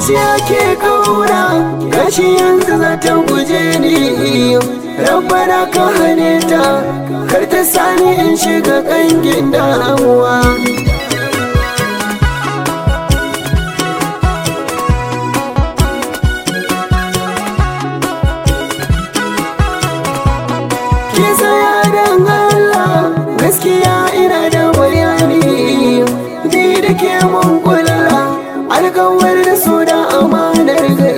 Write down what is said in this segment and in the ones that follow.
zuciya ke kaura gashi yanzu za ta guje ni rabbana ka hane ta kar ta sani in shiga kangin damuwa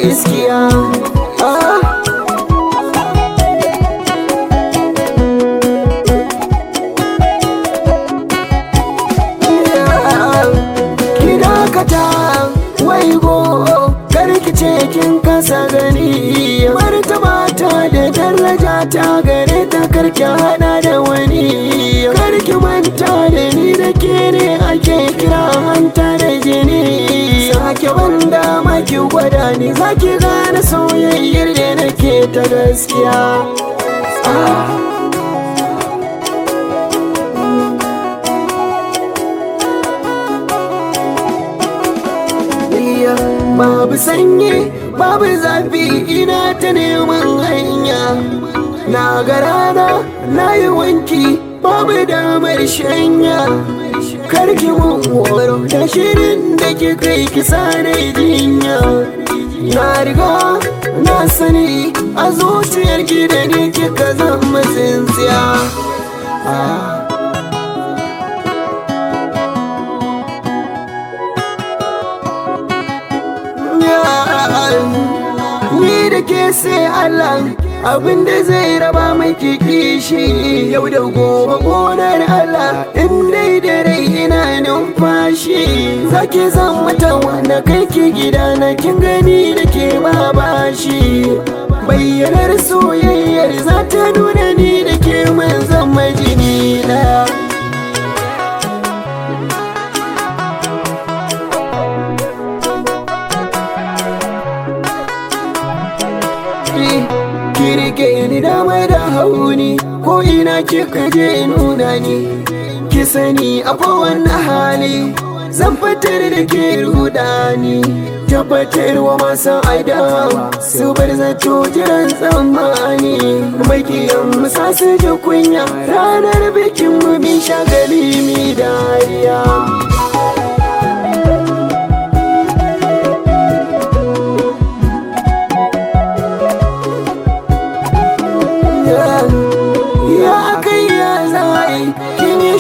Ah. Ki dakata gaskiya kin kasa gani martaba ta da daraja ta gare ta karki haɗa da wani karki manta da ni da ke ne ake kira hanta da jini ban dama ki gwada ni za ki gane soyayyar da nake ta gaskiya Babu sanyi, babu zafi ina ta neman hanya. na ga rana na yi wanki babu damar shanya karki waro da shirin da ke kai ki sare jinya na riga na sani a zuciyar ki da ni ka zama tsintsiya ah. Ni da ke sai Allah abin da zai raba kiki kishi yau da gobe gonar Allah in dai da rai ina numfashi zaki zan mata wanda kai ki gida na kin gani da ke babashi bayyanar soyayyar za ta nuna ni ke ni da mai da hauni ko ina kika je nuna ni ki sani akwai wannan hali zan fitar da ke rudani tabbatarwa masu aida su bar zato jiran tsammani makiyan musa su ji kunya ranar bikin mu bin shagali mi dariya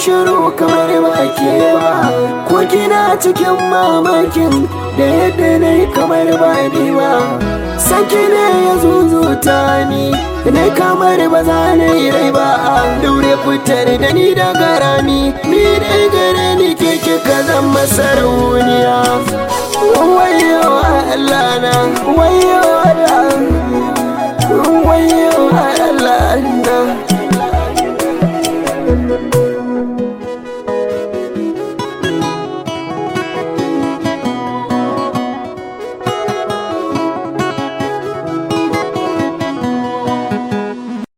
shiru kamar baki ba ko gina cikin mamakin da yadda na kamar ba ni ba saki ne ya zuzuta ni ne kamar ba za na yi rai ba daure fitar da ni daga rami ni dai gare ni ke kika zama sarauniya wayo Allah na wayo